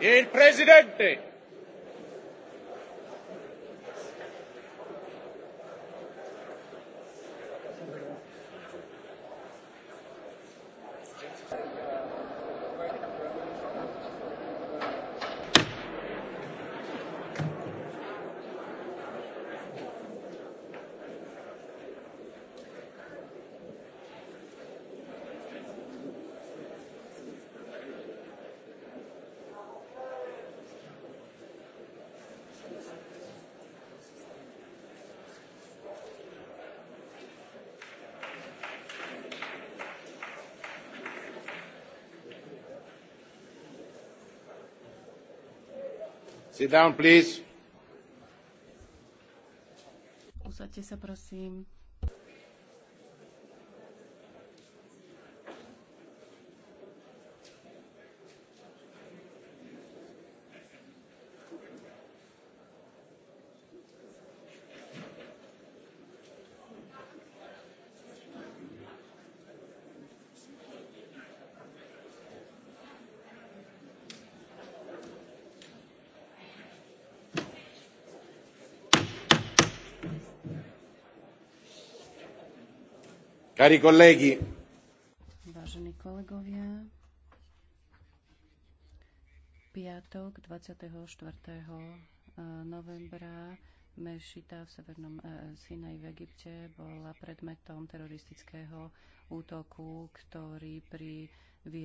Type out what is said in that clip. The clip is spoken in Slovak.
E il presidente Sit down, please. Usadte sa, prosím. Cari colleghi, Vážení kolegovia, piatok 24. Eh, novembra Mešita v severnom eh, Sinaj v Egypte bola predmetom teroristického útoku, ktorý pri